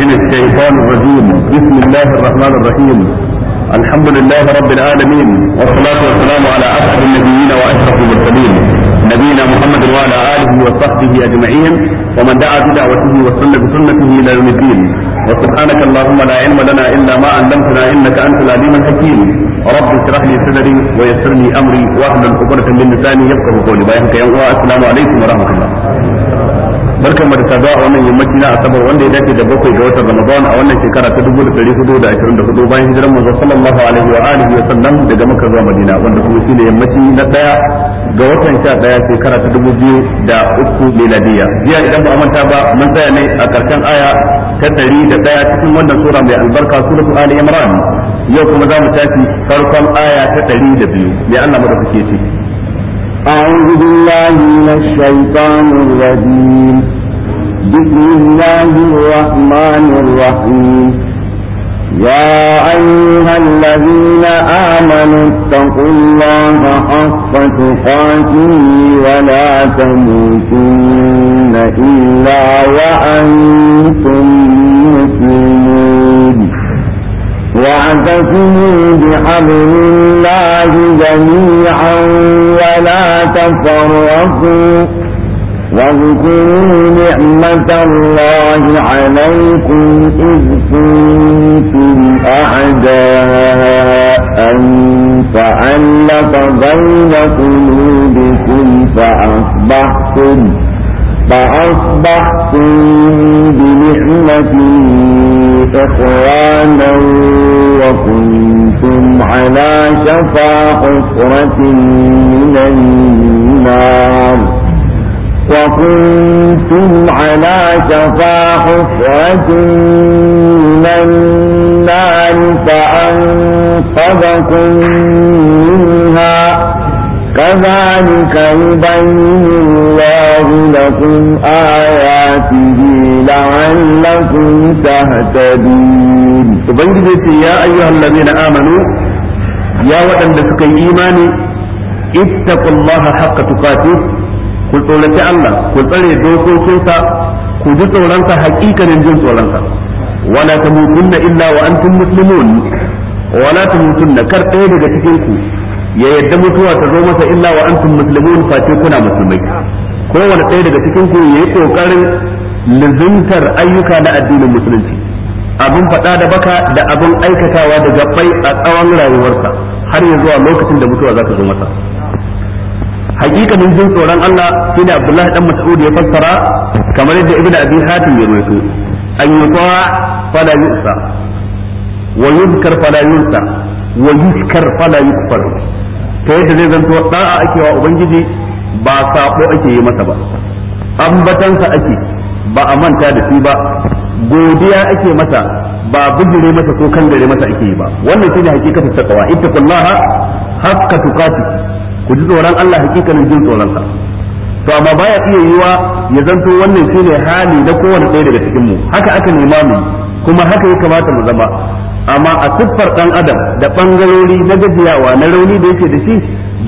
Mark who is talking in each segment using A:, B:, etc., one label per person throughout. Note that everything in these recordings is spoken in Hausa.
A: من الشيطان الرجيم بسم الله الرحمن الرحيم الحمد لله رب العالمين والصلاة والسلام على أشرف النبيين وأشرف المرسلين نبينا محمد وعلى آله وصحبه أجمعين ومن دعا بدعوته وسن بسنته إلى يوم الدين وسبحانك اللهم لا علم لنا إلا ما علمتنا إنك أنت العليم الحكيم رب اشرح لي صدري ويسر لي أمري واحلل عقدة من لساني يفقه قولي بايعك يا السلام عليكم ورحمة الله barkan da saduwa a wannan yammaci na asabar wanda ya dace da bakwai ga watan ramadan a wannan shekara ta dubu da dari hudu da ashirin hudu bayan hijiran manzo sallallahu alaihi wa alihi wa sallam daga makka zuwa madina wanda kuma shine yammaci na daya ga watan sha daya shekara ta dubu biyu da uku miladiya jiya idan ba manta ba mun tsaya ne a karshen aya ta dari da daya cikin wannan sura mai albarka suratul ali imran yau kuma za mu tafi farkon aya ta dari da biyu mai Allah mu da kuke ciki أعوذ بالله
B: من الشيطان الرجيم بسم الله الرحمن الرحيم يا أيها الذين آمنوا اتقوا الله حق تقاته ولا تموتن إلا وأنتم مسلمون واعتصموا بحبل الله جميعا ولا تفرقوا واذكروا نعمة الله عليكم إذ كنتم أعداء فألف بين قلوبكم فأصبحتم فأصبحتم بنعمته إخوانا وكنتم على شفا حفرة من النار وكنتم على شفا حفرة من النار فأنقذكم منها كذلك يبين الله لكم آياته لعلكم
A: تهتدون وبنجد يا أيها الذين آمنوا يا وأن لسكي إيماني اتقوا الله حق تقاته قل قولة الله قل قولة دوكو سوسا قل جزء ولنسا حقيقة من جنس ولنسا ولا تموتن إلا وأنتم مسلمون ولا تموتن كرتين لتكيكم ya yadda mutuwa ta zo masa illa wa antum muslimun face kuna musulmai kowane ɗaya daga cikin ku yayi kokarin lizuntar ayyuka na addinin musulunci abin faɗa da baka da abin aikatawa da gabbai a tsawon rayuwarsa har ya zuwa lokacin da mutuwa za ta zo masa hakikanin jin tsoron Allah ne Abdullahi dan Mas'ud ya fassara kamar yadda Ibn Abi Hatim ya rawaito an yuta fala yusa wa yuzkar fala yusa wa yuzkar fala yukfar ta yadda zai zanto da'a ake wa ubangiji ba saƙo ake yi masa ba ambatansa ake ba a manta da shi ba godiya ake masa ba bijire masa ko kan gare masa ake yi ba wannan shine takawa taqwa kullaha hakka tuqati ku ji tsoron Allah hakikanin jin tsoron sa to amma baya iya yiwa ya zanto wannan shine hali na kowane ɗaya daga cikin mu haka aka nema mu kuma haka ya kamata mu zama amma a tuffar dan adam da bangarori na gajiyawa na rauni da yake da shi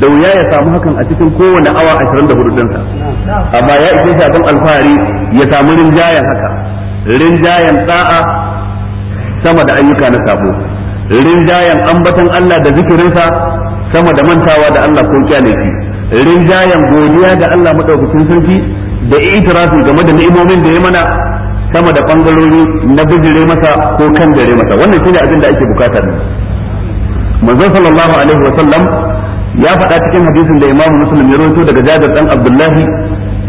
A: da wuya ya samu hakan a cikin kowane awa 24 dinsa
C: amma ya ishe shi
A: abin alfahari ya samu rinjayen haka rinjayen da'a sama da ayyuka na sabo rinjayen ambatan Allah da zikirinsa sama da mantawa da Allah ko kyanaki rinjayen godiya da Allah madaukakin sarki da itirafi game da ni'imomin da ya mana sama da bangarori na bijire masa ko kan dare masa wannan shine abin da ake bukata ne manzon sallallahu alaihi wa sallam ya faɗa cikin hadisin da imamu muslim ya rawaito daga jabir dan abdullahi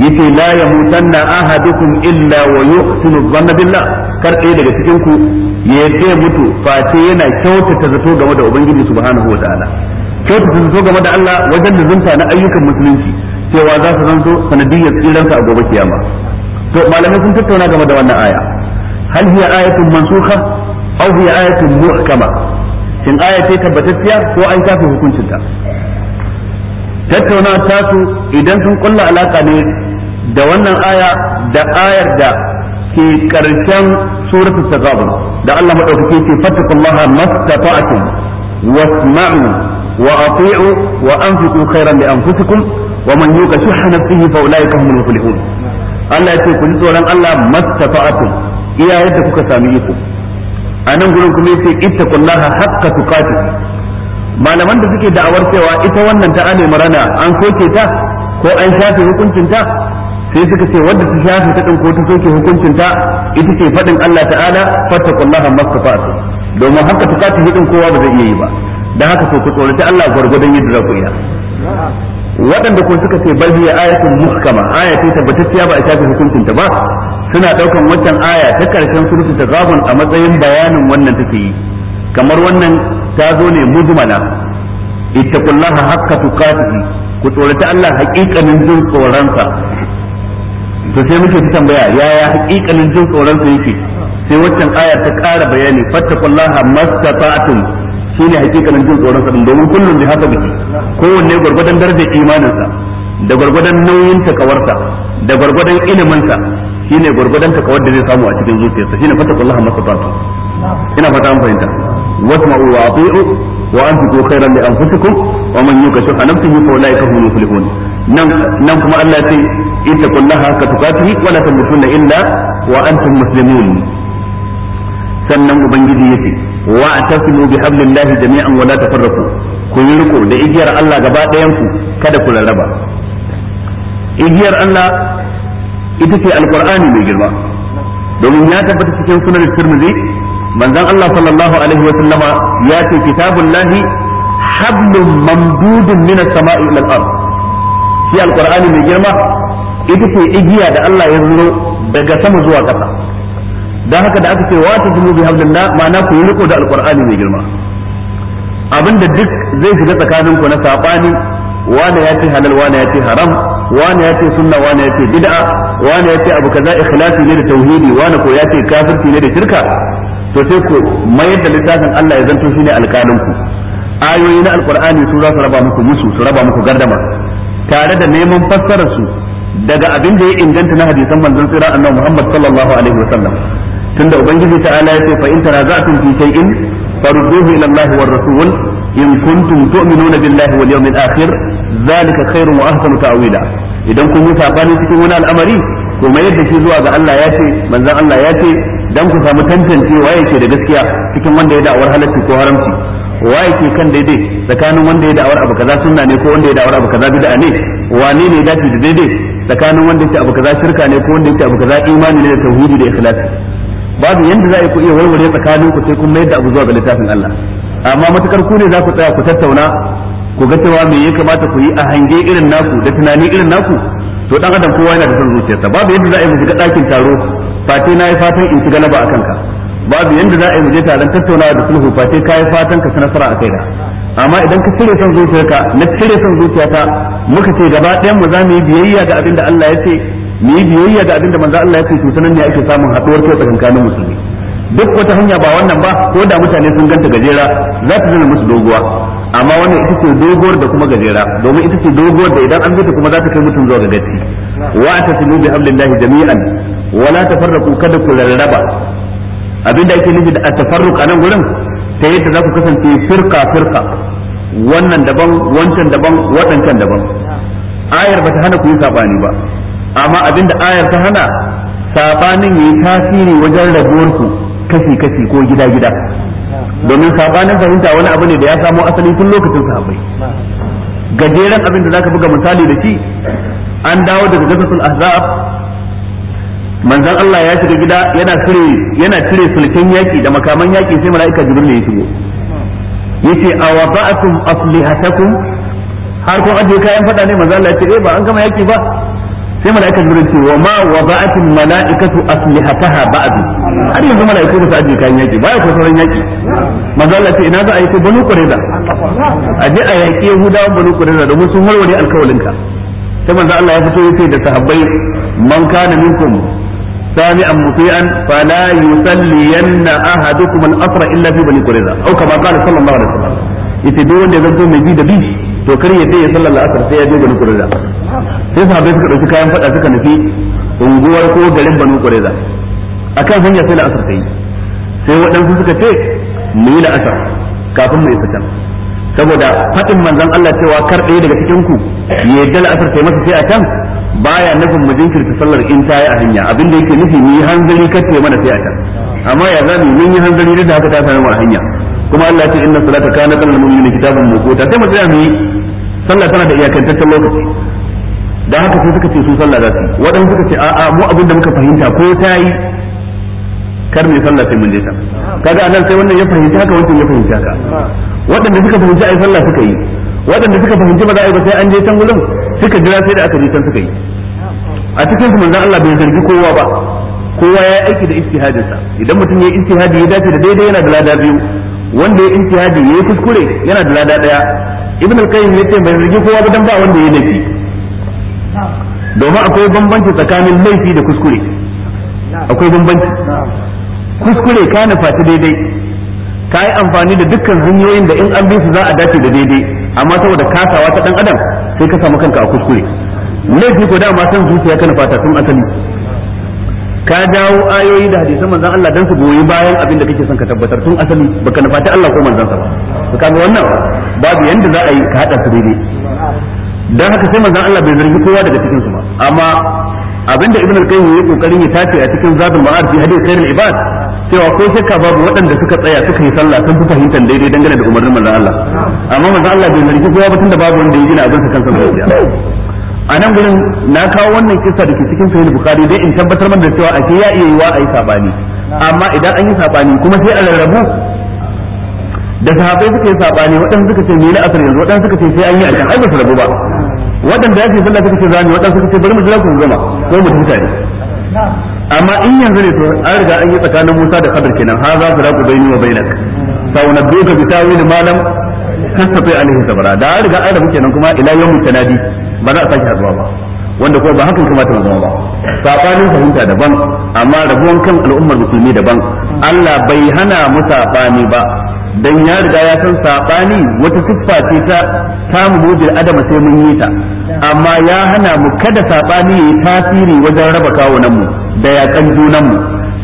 A: yace la yamutanna ahadukum illa wa yuhsinu dhanna billah kar ɗaya daga cikin ku ya mutu face yana kyautata zato game da ubangiji subhanahu wa ta'ala kyautata zato game da Allah wajen da zunta na ayyukan musulunci cewa za su zanto sanadiyyar tsiranka a gobe kiyama to malamai sun tattauna game da wannan aya hal hiya ayatun mansukha aw hiya ayatun muhkama shin aya ce tabbatacciya ko an kafa hukuncin ta tattauna ta su idan sun kulla alaka ne da wannan aya da ayar da ke karshen suratul tagabun da Allah madaukake ce fattaqullaha mastata'tum wasma'u wa ati'u wa anfiqu khairan li anfusikum wa man yuqa nafsihi fa ulaika humul muflihun Allah ya ce ku ji tsoron Allah mastafa'akum iya yadda kuka sami iko a nan gurin kuma yace ita haqqa tuqatih malaman da suke da'awar cewa ita wannan ta ane murana an soke ta ko an shafe hukuncin ta sai suka ce wanda ta shafe ta din ko ta soke hukuncin ta ita ce fadin Allah ta'ala fattaqullaha mastafa'akum domin haka tuqatih din kowa ba zai iya yi ba da haka so ku tsoraci Allah gwargwadon yadda za ku iya waɗanda kuma suka ce bal hiya ayatun muhkama aya ce tabbatacciya ba a shafi hukuncin ta ba suna daukan wancan aya ta karshen ta tagabun a matsayin bayanin wannan take yi kamar wannan ta zo ne mujmala ittaqullaha haqqa tuqatihi ku tsorata Allah haƙiƙanin jin tsoronsa to sai muke ta tambaya yaya haƙiƙanin jin tsoronsa yake sai waccan aya ta ƙara bayani fattaqullaha mastata'tum shine hakikanin jin tsoron sa domin kullum bi haka biki kowanne gwargwadon darajar imanin sa da gwargwadon nauyin takawarsa da gwargwadon ilimin sa shine gwargwadon takawar da zai samu a cikin zuciyarsa shine fatakullaha masatatu ina fata an fahimta wasma'u wa ati'u wa anfiqu khairan li anfusikum wa man yukashu nafsihi fa ulaika humul muflihun nan nan kuma Allah ya ce ittaqullaha haqqa tuqatihi wa la tamutunna illa wa antum muslimun sannan ubangiji yace wa atasimu bihablillahi jami'an wa la tafarraqu ku yi riko da igiyar Allah gaba ɗayan kada ku rarraba igiyar Allah ita ce alqur'ani mai girma domin ya tabbata cikin sunan Tirmidhi manzon Allah sallallahu alaihi wa sallama ya ce kitabullahi hablum mamdudun min as-sama'i ila al-ard shi alqur'ani mai girma ita ce igiya da Allah ya zuro daga sama zuwa ƙasa dan haka da aka ce wa tajmu bi hablillah ma'ana ku yi riko da alqur'ani mai girma abinda duk zai shiga tsakanin ku na sabani wani ya ce halal wani ya haram wani ya sunna wani ya bid'a wani ya abu kaza ikhlasi ne da tauhidi wani ko ya kafirci ne da shirka to sai ku mayar da littafin Allah ya zanto shine alƙalin ku ayoyi na alqur'ani su za su raba muku musu su raba muku gardama tare da neman fassarar su daga abin da ya inganta na hadisan manzon tsira annabi Muhammad sallallahu alaihi wasallam tunda ubangiji ta'ala ya ce fa in taraza'tum fi shay'in farudduhu ila Allah war rasul in kuntum tu'minuna billahi wal yawmil akhir zalika khairun wa ahsanu ta'wila idan kun yi sabani cikin wani al'amari ko mai yadda shi zuwa ga Allah ya ce manzon Allah ya ce dan ku samu tantance tantancewa yake da gaskiya cikin wanda ya da'awar halarci ko haramci wa yake kan daidai tsakanin wanda ya da'awar abu kaza sunna ne ko wanda ya da'awar abu kaza bid'a ne wane ne ya dace da daidai tsakanin wanda yake abu kaza shirka ne ko wanda yake abu kaza imani ne da tauhidi da ikhlasi babu yanda za a yi ku iya warware tsakanin ku sai kun mayar da abu zuwa ga littafin Allah amma matukar ku ne za ku tsaya ku tattauna ku ga cewa me ya kamata ku yi a hange irin naku da tunani irin naku to dan adam kowa yana da son zuciyarsa babu yanda za a yi mu shiga ɗakin taro fate na yi fatan in ci galaba a ka babu yanda za a yi mu je taron tattaunawa da sulhu fate ka yi fatan ka ci nasara a kai da amma idan ka cire son zuciyarka na cire son zuciyata muka ce gaba ɗayan mu za mu yi biyayya ga abin da Allah ya ce mu yi biyayya da abinda manzo Allah ya ce to sanan ne ake samun haɗuwar kai tsakanin musulmi duk wata hanya ba wannan ba ko da mutane sun ganta gajera za ta zama musu doguwa amma wannan ita ce doguwar da kuma gajera domin ita ce doguwar da idan an bi ta kuma za ta kai mutum zuwa ga gaci wa atasimu bi amrillahi jami'an wa la tafarraqu kada ku rarraba abinda ake nufi da at-tafarruq anan gurin ta yadda za ku kasance firka firka wannan daban wancan daban waɗancan daban ayar ba ta hana ku yi sabani ba amma abin da ayar ta hana sabanin yi tasiri wajen rabuwar kashi kashi ko gida gida domin sabanin fahimta wani abu ne da ya samo asali tun lokacin sahabbai gajeren abin da zaka buga misali da shi an dawo daga gasasul ahzab manzon Allah ya shiga gida yana cire yana cire yaki da makaman yaki sai mala'ika jibril ya shigo yace awada'atum aslihatakum har kun ajiye kayan fada ne manzon Allah ya ce eh ba an gama yaki ba sai mala'ika jibril ce wa ma wa wada'atil mala'ikatu aslihataha ba'du har yanzu mala'iku ba su aje kayan yaki baya ko sauran yaki manzo Allah ce ina za a yi sai banu qurayza aje a yaki yahudawan banu qurayza domin sun warware alkawalinka sai manzo Allah ya fito yace da sahabbai man kana minkum سامعا مطيعا فلا يصلين احدكم الاسرى الا في بني قريظه او كما قال صلى الله عليه وسلم yace duk wanda ya zanto mai bi da bi to kar ya sai ya sallar la'asar sai ya je garin kureza sai sahabbai suka dauki kayan fada suka nufi unguwar ko garin banu kureza akan hanya sai la'asar ta yi sai waɗansu suka ce mu yi la'asar kafin mu isa can saboda faɗin manzon Allah cewa kar ɗaya daga cikin ku ya yadda la'asar ta yi masa sai a can baya nufin mu jinkirta sallar in ta yi a hanya abinda yake nufi mu yi hanzari kar mana sai a can amma ya zamu mun yi hanzari da haka ta sami mu a hanya kuma Allah ya ce inna salata kana kana mu'minin kitabun mawquta sai mu tsaya mu sallah tana da iyakantaccen lokaci dan haka sai suka ce su sallah za su wadan suka ce a'a mu abin da muka fahimta ko ta yi kar ne sallah sai mun je ta kaga anan sai wannan ya fahimta haka wannan ya fahimta haka waɗanda suka fahimci ai sallah suka yi waɗanda suka fahimci ba za a yi ba sai an je can gurin suka jira sai da aka je can suka yi a cikin su manzon Allah bai zargi kowa ba kowa ya aiki da istihadinsa idan mutum ya ijtihadi ya dace da daidai yana da lada biyu wanda ya ya yi kuskure yana da lada daya ibn al-qayyim yace bai zargi kowa ba dan ba wanda ya laifi domin akwai bambanci tsakanin laifi da kuskure akwai bambanci kuskure ka nufaci daidai ka yi amfani da dukkan hanyoyin da in an bi su za a dace da daidai amma saboda kasawa ta dan adam sai ka samu kanka a kuskure laifi ko dama san zuciya kana fata tun asali ka dawo ayoyi da hadisan manzon Allah dan su goyi bayan abin da kake son ka tabbatar tun asali baka nufata Allah ko manzon sa ba ka ga wannan babu yanda za a yi ka hada su daidai dan haka sai manzon Allah bai zargi kowa daga cikin su ba amma abinda ibn al-qayyim yake kokarin ya tace a cikin zabul ma'ad bi hadith khairul ibad cewa ko shakka babu waɗanda suka tsaya suka yi sallah sun fi fahimtar daidai dangane da umarnin manzon Allah amma manzon Allah bai zargi kowa ba tunda babu wanda ya gina abin sa kansa ba a nan gurin na kawo wannan kisa da ke cikin sahih bukhari dai in tabbatar man da cewa ake ya iya yiwa ayi sabani amma idan an yi sabani kuma sai a rarrabu da sahabbai suka yi sabani waɗanda suka ce ni na asar yanzu waɗanda suka ce sai an yi a kan ai ba su rabu ba waɗanda ya ce sallah suka ce zani waɗanda suka ce bari mu jira ku gama ko mu tuta ne amma in yanzu ne to an riga an yi tsakanin Musa da Khadir kenan ha za su rabu baini wa bainak sa wa bi tawil malam a alaihi sabara da an riga an rabu kenan kuma ila mutu tanadi ba za a sake hazuwa ba wanda kuma ba hakan kuma ta zama ba sabanin fahimta daban amma rabuwan kan al'ummar musulmi daban Allah bai hana mu saɓani ba dan ya riga ya san saɓani wata siffa ce ta tamu mujin adama sai mun yi ta amma ya hana mu kada ya yi tasiri wajen raba kawunan mu da yakan junan mu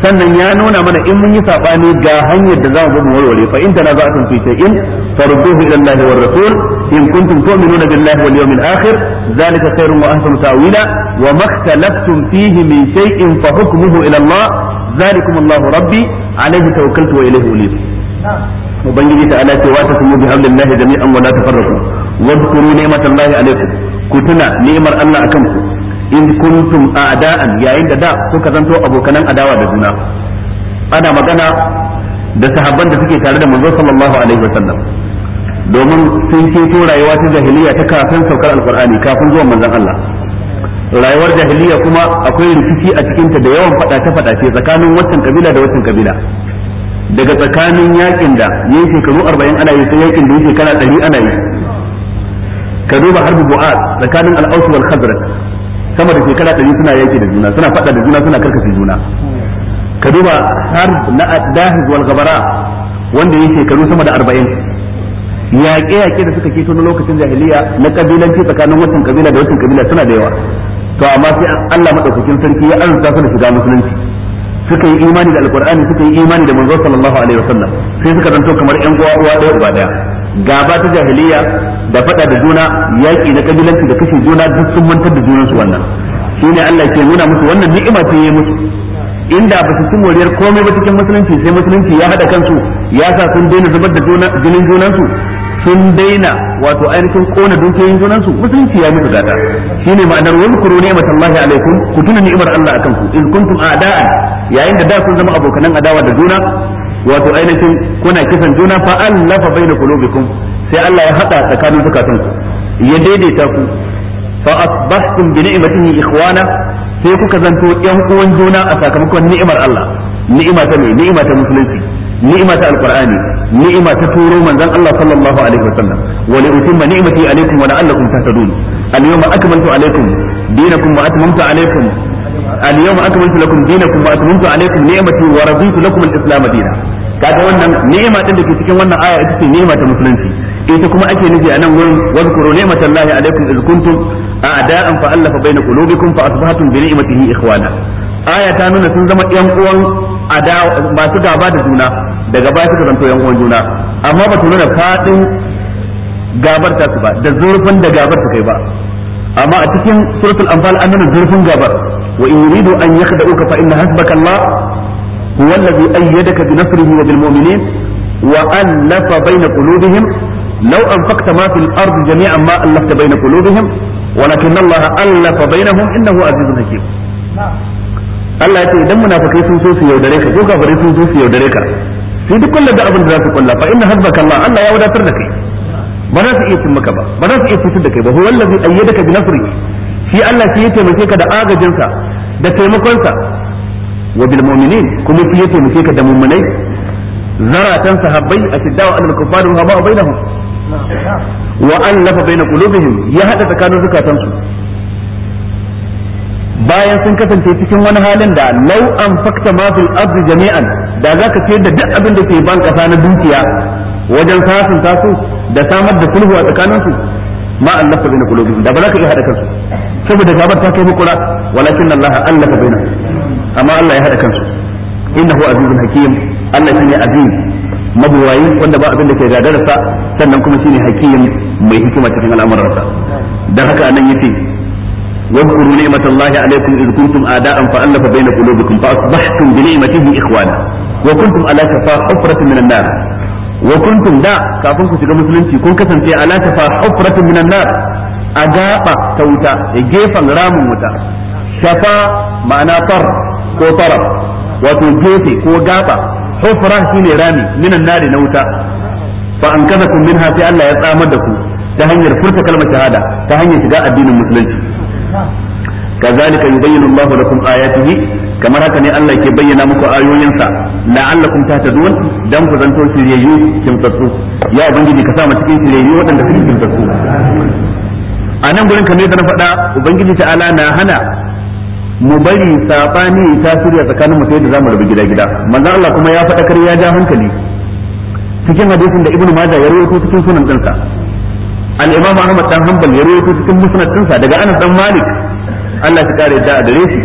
A: sannan ya nuna mana in mun yi sabani ga hanyar da za mu mu warware fa in tanaza'tum fi in farduhu ila Allah war rasul in kuntum tu'minuna billahi wal yawmil akhir zalika khairun wa ahsanu ta'wila wa makhtalaftum fihi min shay'in fa hukmuhu ila Allah zalikum Allah rabbi alayhi tawakkaltu wa ilayhi unib ubangiji ta'ala ce wa tasmu bihamdillahi jami'an wa la tafarraqu wadhkuru ni'matallahi alaykum ku tuna ni'mar Allah akan ku in kuntum a'da'an yayin da da kuka zanto abokanan adawa da juna ana magana da sahabban da suke tare da manzo sallallahu alaihi wasallam domin sun keto rayuwa ta jahiliya ta kafin saukar alqur'ani kafin zuwan manzon Allah rayuwar jahiliya kuma akwai rikici a cikin ta da yawan ta fada ce tsakanin wancan kabila da wancan kabila daga tsakanin yakin da yayin shekaru 40 ana yi sai yakin da yake kana 100 ana yi ka duba harbi bu'ad tsakanin al-aus wal khazraj sama da shekara ɗari suna yake da juna suna faɗa da juna suna karkashe juna ka duba har na addahiz wal gabara wanda ya shekaru sama da arba'in yaƙe-yaƙe da suka keto na lokacin jahiliya na kabilanci tsakanin wancan kabila da wancan kabila suna da yawa to amma sai Allah madaukakin sarki ya arzuta su da shiga musulunci suka yi imani da alqur'ani suka yi imani da manzo sallallahu alaihi wasallam sai suka zanto kamar ƴan uwa uwa ɗaya uba ɗaya gaba ta jahiliya da fada da juna yaki na kabilanci da kashe juna duk sun mantar da junan su wannan shine Allah ke nuna musu wannan ni'ima ce yayi musu inda ba su ci moriyar komai ba cikin musulunci sai musulunci ya hada kansu ya sa sun daina zubar da jinin junansu sun daina wato ainihin kona dukiyoyin junansu musulunci ya musu gata ne ma'anar wani wa zkuru ni'matallahi alaikum ku tuna ni'imar Allah a ku in kuntum a'da'an yayin da da sun zama abokanan adawa da juna wato ainihin kuna kisan juna fa allafa baina qulubikum sai Allah ya hada tsakanin zukatan ku ya daidaita ku fa asbahtum bi ni'matihi ikhwana sai kuka zanto yan uwan juna a sakamakon ni'imar Allah ni'ima ta ne ni'ima ta musulunci ni'ima ta alqur'ani ni'ima ta turo manzon Allah sallallahu alaihi wasallam wa li utimma ni'mati alaikum wa la'allakum tahtadun al-yawma akmaltu alaikum dinakum wa atmamtu alaikum al-yawma akmaltu lakum dinakum wa atmamtu alaykum ni'mati wa raditu islam dina kaga wannan ni'ima din da ke cikin wannan aya ita ce ni'ima ta musulunci ita kuma ake nufi a nan gurin wadhkuru ni'matallahi alaykum iz kuntum a'da'an fa allafa baina qulubikum fa asbahtum bi ni'matihi ikhwana aya ta nuna sun zama yan uwan masu gaba da juna daga baya suka zanto yan uwan juna amma ba ta nuna fadin gabar ta su ba da zurfin da gabar ta kai ba amma a cikin suratul anfal an nuna zurfin gabar wa in yuridu an yakhda'uka fa inna hasbaka Allah huwa ka ayyadaka bi nasrihi wa bil mu'minin wa allafa baina qulubihim law anfaqta ma fil ardi jami'an ma allafta baina Allah ya ce idan munafikai sun so su yaudare ka ko kafirai sun so su yaudare ka sai duk kullum da abin da za su kulla fa inna hasbaka Allah Allah ya wadatar da kai ba za su iya cin maka ba ba za su iya fitar da kai ba huwa allazi ayyadaka bi nasrihi shi Allah shi ya taimake ka da agajin sa da taimakon sa wa bil mu'minin kuma shi ya taimake ka da mu'minai zaratan sahabbai ashidda'u al kufar wa ba'a bainahum wa allafa baina qulubihim ya hada tsakanin su bayan sun kasance cikin wani halin da lau an fakta ma fil ardi jami'an da zaka ce da duk abin da ke ban kasa na dukiya wajen sasun tasu da samar da sulhu a tsakaninsu ma allafa baina qulubihim da ba za ka iya hada kansu saboda gabar ta kai makura walakin Allah allafa baina amma Allah ya hada kansu innahu azizun hakim Allah shine aziz mabuwayi wanda ba abin da ke gadarsa sannan kuma shine hakim mai hikima cikin al'amuransa dan haka anan yace واذكروا نعمة الله عليكم إذ كنتم أعداء فألف بين قلوبكم فأصبحتم بنعمته إخوانا وكنتم على شفا حفرة من النار wa kuntum da kafin ku shiga musulunci kun kasance ala tafa hufratin minan nar a gaba ta wuta da gefen ramin wuta shafa ma'ana far ko taraf wato gefe ko gaba hufra shine rami minan nari na wuta fa an kaza kun minha sai Allah ya tsamar da ku ta hanyar furta kalmar shahada ta hanyar shiga addinin musulunci kazalika yubayyinu Allahu lakum ayatihi kamar haka ne Allah ke bayyana muku ayoyinsa la'allakum tahtadun dan ku zanto shiryayyu kimtsatsu ya ubangiji ka sa mu cikin shiryayyu waɗanda suke kimtsatsu a nan gurin kamar da na faɗa ubangiji ta'ala na hana mu bari sabani ta shirya tsakanin mu sai da zamu rubu gida gida manzo Allah kuma ya faɗa kar ya ja hankali cikin hadisin da ibnu majah ya rawaito cikin sunan dinsa al-imam ahmad dan hanbal ya rawaito cikin musnad dinsa daga anas dan malik Allah ya kare da adare shi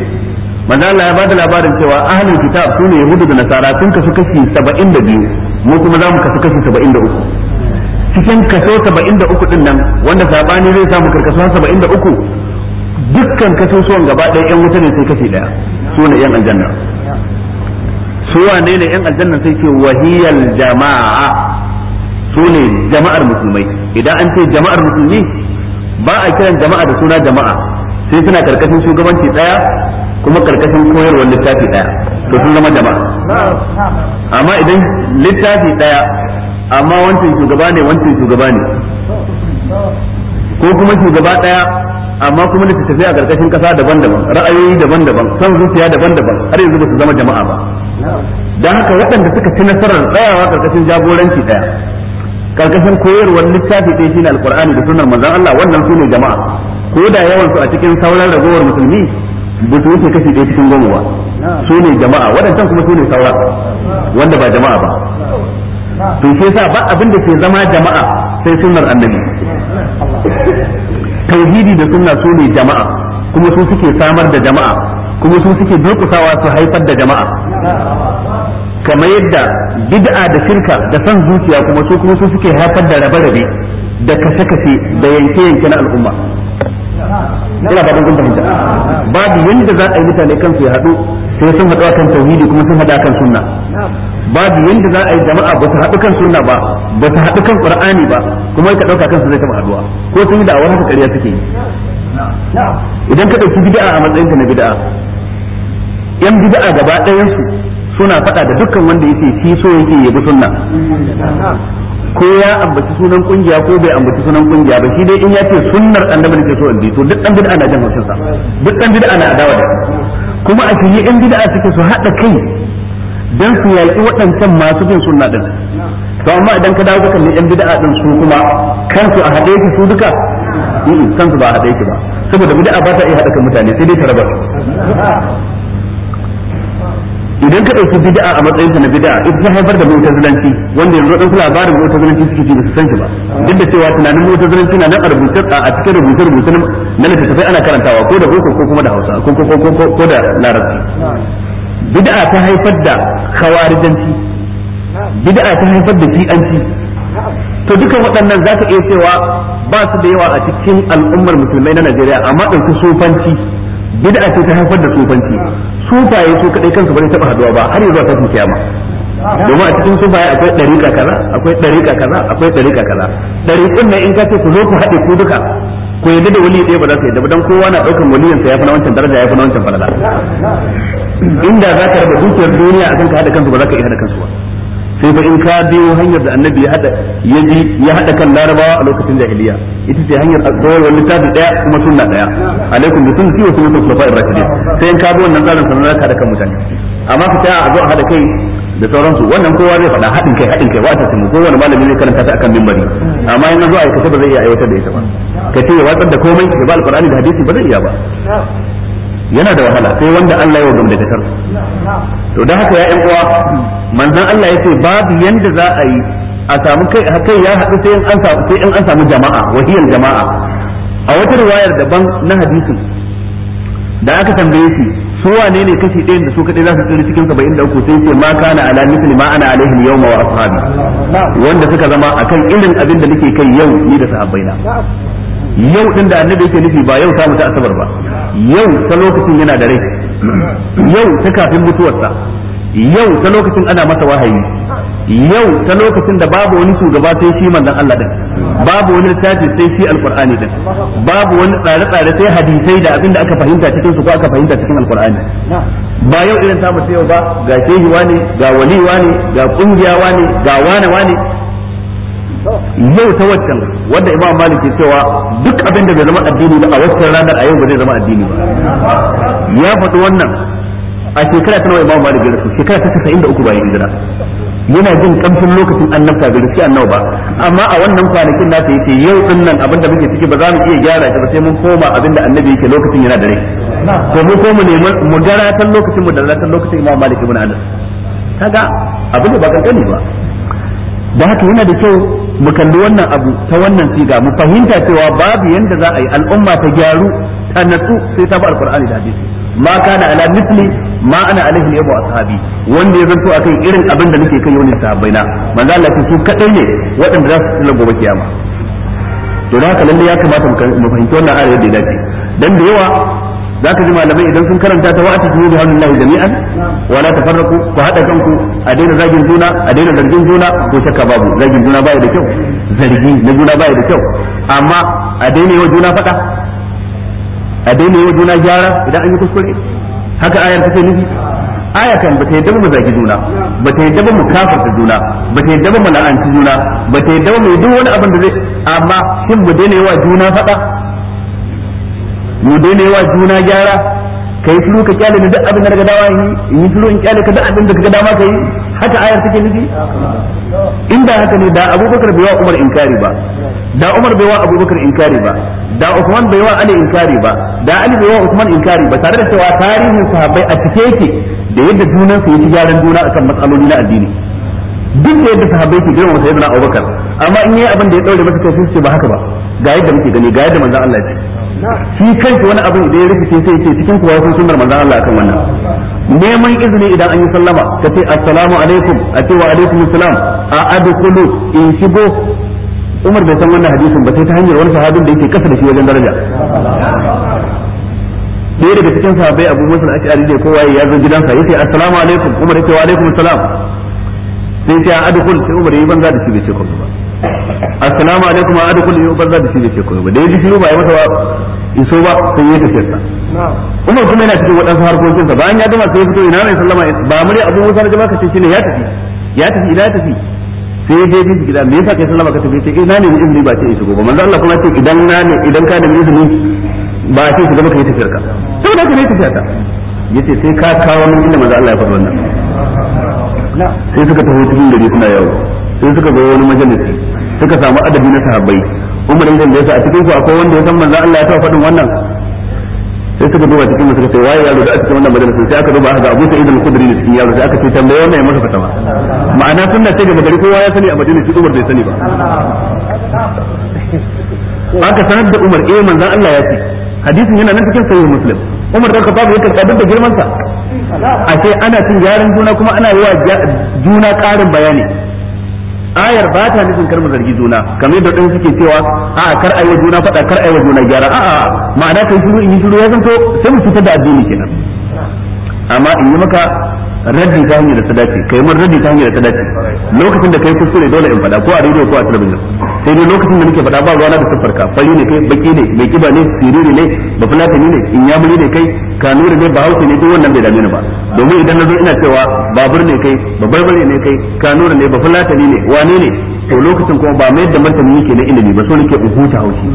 A: manzo Allah ya bada labarin cewa ahlul kitab sune yahudu da nasara sun kasu kashi 72 mu kuma za mu kasu kashi 73 cikin kaso 73 din nan wanda sabani zai samu karkaso 73 dukkan kasusuwan gaba ɗaya yan wuta ne sai kashi daya su ne yan aljanna su wane ne yan aljanna sai ce wahiyal jama'a su ne jama'ar musulmai idan an ce jama'ar musulmi ba a kiran jama'a da suna jama'a sai suna karkashin shugabanci daya kuma karkashin koyarwar littafi daya to sun zama jama'a amma idan littafi daya amma wancan shugaba ne wancan shugaba ne ko kuma shugaba daya amma kuma littattafai a karkashin kasa daban-daban ra'ayoyi daban-daban son zuciya daban-daban har yanzu ba su zama jama'a ba dan haka waɗanda suka ci nasarar tsayawa karkashin jagoranci daya karkashin koyarwar littafi ɗaya shine alqur'ani da sunnar manzon Allah wannan sune jama'a ko da yawan su a cikin sauran ragowar musulmi ba su wuce kashi ɗaya cikin goma ba su ne jama'a waɗancan kuma su ne saura wanda ba jama'a ba to shi yasa ba abin da ke zama jama'a sai sunnar annabi tauhidi da sunna su ne jama'a kuma su suke samar da jama'a kuma su suke durkusawa su haifar da jama'a kamar yadda bid'a da shirka da san zuciya kuma su kuma su suke haifar da rabe-rabe da kashe-kashe da yanke-yanke na al'umma
C: ina ba kun fahimta babu
A: yadda za a yi mutane kansu ya haɗu sai sun haɗu kan tauhidi kuma sun haɗu suna. sunna babu yadda za a yi jama'a ba su haɗu kan sunna ba ba su haɗu kan qur'ani ba kuma ka ɗauka kansu zai taɓa haɗuwa ko sun yi da'awar haka ƙarya suke yi idan ka ɗauki bid'a a matsayin ta na bid'a yan bid'a gaba ɗayan su suna faɗa da dukkan wanda ya yake ki so yake yabi sunna ko ya ambaci sunan kungiya ko bai ambaci sunan kungiya ba shi dai in ya ce sunnar annabi ne ke so in bi to duk dan bid'a na jan haushin sa duk dan bid'a na adawa da kuma a shirye in bid'a suke su haɗa kai dan su yaki waɗancan masu bin sunna din to amma idan ka dawo kan yan bid'a din su kuma kansu a hade ki su duka kansu ba a hade ki ba saboda bid'a ba ta iya hada kan mutane sai dai ta raba idan ka ɗauki bid'a a matsayin na bid'a ita ta haifar da mutazilanci wanda yanzu ɗan labarin mutazilanci suke ji ba su san shi ba duk da cewa tunanin mutazilanci na nan a rubuce a cikin rubuce rubuce na littattafai ana karantawa ko da boko ko kuma da hausa ko ko da larabci bid'a ta haifar da khawarijanci bid'a ta haifar da fi'anci to duka waɗannan za ka iya cewa ba su da yawa a cikin al'ummar musulmai na Najeriya amma ɗauki sufanci bid'a ce ta haifar da tsofanci sufaye su kadai kansu bane taba haduwa ba har yanzu kafin kiyama domin a cikin sufaye akwai dariƙa kaza akwai dariƙa kaza akwai dariƙa kaza dariƙin nan in ka ce ku zo ku haɗe ku duka ku yadda da wali ɗaya ba za su yadda ba dan kowa na ɗaukan waliyansa ya fi na wancan daraja ya fi na wancan falala inda za ka raba dukiyar duniya akan ka haɗa kansu ba za ka iya haɗa kansu ba sai fa in ka biyo hanyar da annabi ya hada ya kan larabawa a lokacin jahiliya ita ce hanyar wani littafi daya kuma sunna daya alaikum bi sunnati wa sunnatul khulafa'ir rashidin sai in ka bi wannan tsarin sanan za ka hada kan mutane amma ka ta a zo a hada kai da sauransu wannan kowa zai faɗa haɗin kai haɗin kai wata mu kowane malami zai karanta ta akan mimbari amma in zo aikata ba zai iya aiwatar da ita ba ka ce ya watsar da komai ya ba alƙur'ani da hadisi ba zai iya ba yana da wahala sai wanda Allah ya gamdatar to dan haka ya yan uwa manzon Allah yace babu yanda za a yi a samu kai kai ya haɗu sai in an samu sai an samu jama'a wahiyar jama'a a wata riwayar daban na hadisin da aka tambaye shi su wane ne kashi ɗayan da su kaɗai za su tsiri cikin saba'in da uku sai ce ma kana ala mithli ma ana alaihi yawma wa ashabi wanda suka zama akan irin abin da nake kai yau ni da sahabbaina yau din da annabi yake nufi ba yau samu ta asabar ba yau ta lokacin yana da rai
C: yau
A: ta kafin mutuwarsa yau ta lokacin ana masa wahayi yau ta lokacin da babu wani shugaba sai shi manzon Allah din babu wani littafi sai shi alqur'ani din babu wani tsare-tsare sai hadisai da abinda aka fahimta cikin su ko aka fahimta cikin alqur'ani ba yau irin ta sai yau ba ga shehi wani ga wali wani ga kungiya wani ga wane wani yau ta waccan wanda imam malik ke cewa duk abin da bai zama addini ba a waccan ranar a yau ba zai zama addini ba ya faɗi wannan a shekara ta nawa imam malik ya rasu shekara ta casa'in da uku bayan hijira yana jin kamfin lokacin annabta da rufi annaba ba amma a wannan kwanakin ta yace yau din nan abin da muke ciki ba za mu iya gyara shi ba sai mun koma abin da annabi yake lokacin yana da rai to mu ko mu neman mu garatan lokacin mu da ratan lokacin imam malik ibn anas kaga abin da ba kankani ba da haka yana da kyau mu kalli wannan abu ta wannan siga mu fahimta cewa babu yanda za a yi al'umma ta gyaru ta natsu sai ta bi alqur'ani da hadisi ma kana ala mithli ma ana alaihi ba ashabi wanda ya zanto akan irin abin da nake kai wani sahabbai na manzo Allah ce su kadai ne waɗanda za su tsira gobe kiyama to da haka lalle ya kamata mu fahimci wannan ayar da dace dan da yawa zaka ji malamai idan sun karanta ta wa'ata sunu bihamdillahi jami'an wala ta tafarraqu ku hada kanku a daina zagin juna a daina zargin juna ko shakka babu zagin juna baya da kyau zargi na juna baya da kyau amma a daina yawa juna fada a daina yawa juna gyara idan an yi kuskure haka ayar take nufi aya kan ta yadda mu zagi juna ba ta yadda mu kafarta juna ba ta yadda mu la'anci juna ba ta yadda mu duk wani abin da zai amma shin mu daina yawa juna fada mu daina yawa juna gyara kai tulu ka kyale duk abin da daga dawa yi yi shiru in kyale ka duk abin da ka dama kai haka ayar take nufi inda haka ne da Abubakar bai wa Umar inkari ba da Umar bai wa Abubakar inkari ba da Uthman bai wa Ali inkari ba da Ali bai wa Uthman inkari ba tare da cewa tarihin sahabbai a cike yake da yadda junan su yi gyaran juna akan matsaloli na addini duk da yadda sahabbai ke girma sayyidina Abubakar amma in yi abin da ya daure masa kai ce ba haka ba ga yadda muke gani ga yadda manzon Allah ya ce shi kanki wani abin da ya rikice sai ce cikin kuwa sun sunar manzon Allah akan wannan neman izini idan an yi sallama ka ce assalamu alaikum a ce wa alaikum assalam a adkhulu in shigo Umar bai san wannan hadisin ba sai ta hanyar wani sahabin da yake kasa da shi wajen daraja ɗaya daga cikin sahabbai Abu Musa al-Ash'ari da kowa ya zo gidansa yace assalamu alaikum Umar yace wa alaikum assalam sai ya adkhul sai Umar yayi banza da shi bai ce komai ba
C: assalamu
A: alaikum a da adukul yau banza da shi da ke koyo ba da ya ji shiru ba ya masa ba iso ba sai ya tafi ta umar kuma yana cikin waɗansu harkokin sa bayan ya dama sai ya fito ina ne sallama ba mu ne abu musa na jama'a kace shine ya tafi ya tafi ina ya tafi sai ya je ji gida me yasa kai sallama ka tafi sai ina eh, ne izini ba ce ya shigo ba manzo Allah kuma ce idan na ne idan ka da izini ba ce shiga maka yi tafiyar ka sai da ka ne tafiyar ka yace sai ka kawo min inda manzo Allah ya faɗi wannan sai suka tafi cikin gari suna yawo sai suka zo wani majalisi suka samu adabi na sahabbai umar ibn da yasa a cikin su akwai wanda ya san manzo Allah ya ta' faɗin wannan sai suka duba cikin su suka ce waye yaro da a cikin wannan madrasa sai aka duba aka Abu Sa'id al-Khudri da cikin yaro sai aka ce tambaye wannan ya masa fatawa ma'ana sunna ce gaba gari kowa ya sani a Madina shi Umar bai sani ba aka sanar da Umar eh manzon Allah ya ce hadisin yana nan cikin sahih Muslim Umar da babu ya karɓa da girman sa a ce ana cin yaran juna kuma ana yi wa juna ƙarin bayani ayar ba ta nufin kar mu zargi juna kamar yadda ɗan suke cewa a kar ayi juna faɗa kar ayi juna gyara a a ma'ana kai shiru in yi shiru ya zanto sai mu fitar da addini kenan amma in yi maka raddi ta hanyar da ta dace kai mun raddi ta hanyar da ta dace lokacin da kai kuskure dole in faɗa ko a rediyo ko a talabijin sai dai lokacin da nake faɗa ba ruwa na da siffar ka fari ne kai baki ne mai kiba ne siriri ne ba fulatani ne in yamuri ne kai kanuri ne ba hausa ne duk wannan bai dame ni ba domin idan na zo ina cewa babur ne kai babarbare ne kai kanuri ne ba fulatani ne wane ne to lokacin kuma ba mai da martani yake na ilimi ba so nake in huta haushi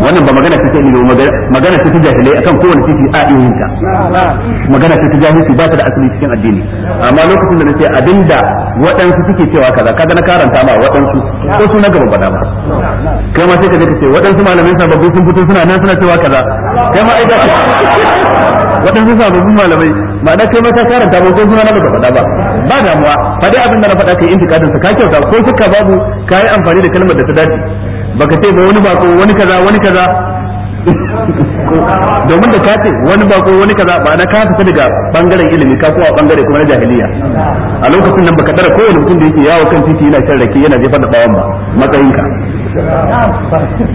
A: wannan ba magana ta ilimi magana ta jahilai akan kowane titi a iya ta magana ta jahilci ba ta da asali cikin addini amma lokacin da nace abinda waɗansu suke cewa kaza kaga na karanta ma waɗansu ko su na gaba ba ba kai ma sai ka ce waɗansu malamai sababbi sun fito suna nan suna cewa kaza kai ma ai waɗansu sababbin malamai ba da kai mata karanta ba ko suna na baka faɗa ba ba damuwa faɗi abin da na faɗa kai intikadin sa ka kyauta ko suka babu ka yi amfani da kalmar da ta dace baka ce ba wani bako wani kaza wani kaza domin da kace wani bako wani kaza ba na ka fita daga bangaren ilimi ka kowa bangare kuma na jahiliya a lokacin nan baka dara kowane mutum da yake yawo kan titi yana shan rake yana jefar da bawan ba matsayinka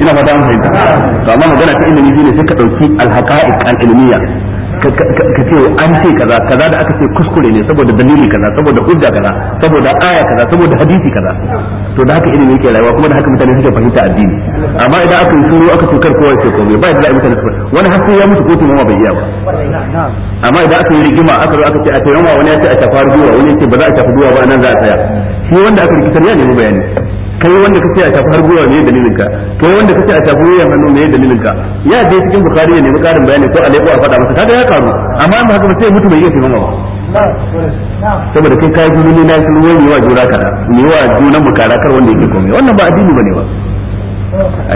A: ina fata an fahimta to amma magana ta ilimi ne sai ka dauki alhaqa'iq al-ilmiya ka ce an ce kaza kaza da aka ce kuskure ne saboda dalili kaza saboda hujja kaza saboda aya kaza saboda hadisi kaza to da haka ilimi yake rayuwa kuma da haka mutane suke fahimta addini amma idan aka yi shiru aka tukar kowa ya ce komai ba da mutane su wani har sai ya mutu kotu ma bai iya ba amma idan aka yi rigima aka zo aka ce a tayyama wani ya ce a tafa ruwa wani ya ce ba za a tafi ruwa ba nan za a tsaya shi wanda aka rikitar ya nemi bayani kai wanda kace a tafi har gwiwa ne dalilin ka kai wanda kace a tafi wuyan hannu ne dalilin ka ya je cikin bukhari ne mu karin bayani ko alaiku a fada masa kaga ya karu amma in haka ba sai mutum bai yi shi ba saboda kai kai gudu ne na shi ne wa jura kada ne wa junan mu kara kar wanda yake komai wannan ba addini bane ba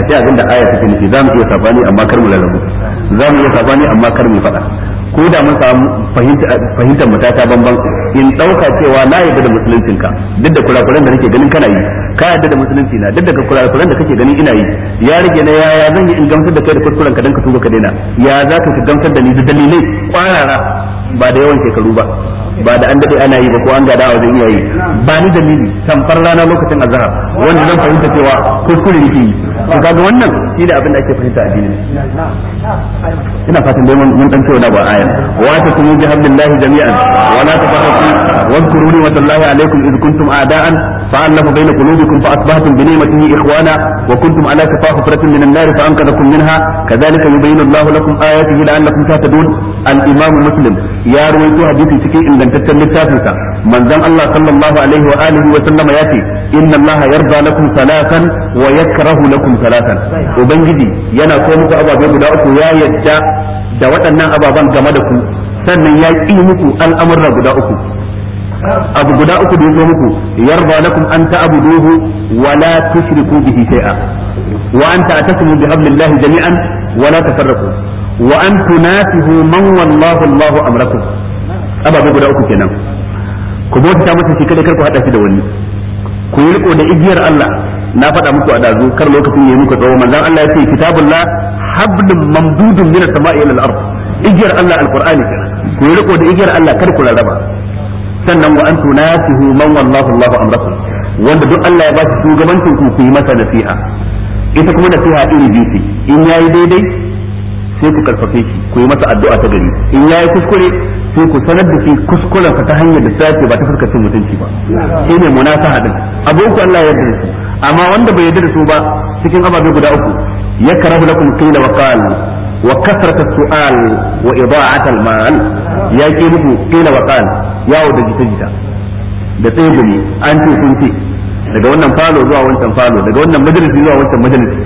A: a ce abinda aya take nufi za mu iya sabani amma kar mu lalabu za mu iya sabani amma kar mu faɗa ko da mun samu fahimtar mu ta banban in dauka cewa na yarda da musuluncin ka duk da kurakuran da nake ganin kana yi ka yarda da musulunci na duk da kurakuran da kake ganin ina yi ya rage na ya ya zan yi in gamsar da kai da kuskuren ka dan ka tuba ka daina ya za ka gamsar da ni da dalilai kwarara ba da yawan shekaru ba ba da an dade ana yi ba ko an gada a iya yi ba ni dalili tamfar rana lokacin azhar wanda zan fahimta cewa kuskure nake yi to kaga wannan shi da abin da ake fahimta a dinin ina fatan dai mun dan cewa ba aya جميعا واعتصموا بحبل الله جميعا ولا تفرقوا واذكروا نعمة الله عليكم إذ كنتم أعداء فألف بين قلوبكم فأصبحتم بنعمته إخوانا وكنتم على شفا حفرة من النار فأنقذكم منها كذلك يبين الله لكم آياته لعلكم تهتدون الإمام مسلم يا رويت حديثي cikin ingantaccen littafinsa manzon Allah sallallahu alaihi wa alihi wa sallama yace inna Allah yarda lakum salatan wa yakrahu lakum salatan ubangiji yana so muku ababe guda uku ya yadda da waɗannan ababen game da ku sannan ya ƙi muku al'amurra guda uku abu guda uku da ya zo muku yarda lakum an ta'buduhu wa la tushriku bihi shay'a wa an ta'tasimu bi hablillahi jami'an wa la tafarraqu wa an tunasihu man wallahu Allahu amrakum ababe guda uku kenan ku bauta masa shi kada kar ku hada shi da wani ku yi riko da igiyar Allah na faɗa muku a dazu kar lokacin yayi muku tsawo manzon Allah ya ce kitabullah hablum mamdudun min as-sama'i ila al-ard igiyar Allah alqur'ani kenan ku riko da igiyar Allah kar ku rarraba sannan wa antu nasihu man wallahu Allahu amrakum wanda duk Allah ya ba shi shugabancin ku kuyi yi masa nasiha ita kuma nasiha iri biyu ce in yayi daidai sai ku karfafe shi ku yi masa addu'a ta gari in yayi kuskure sai ku sanar da shi kuskuren ka ta hanyar da sace ba ta fuskar cin mutunci ba shi ne munafaha din abu uku Allah ya yarda da su amma wanda bai yarda da su ba cikin ababe guda uku يكره لكم قيل وقال وكثرة السؤال وإضاعة المال يا كيمكو قيل وقال يا ودجي تجدا da da tsegumi an ce sun ce daga wannan falo zuwa wancan falo daga wannan majalisi zuwa wancan majalisi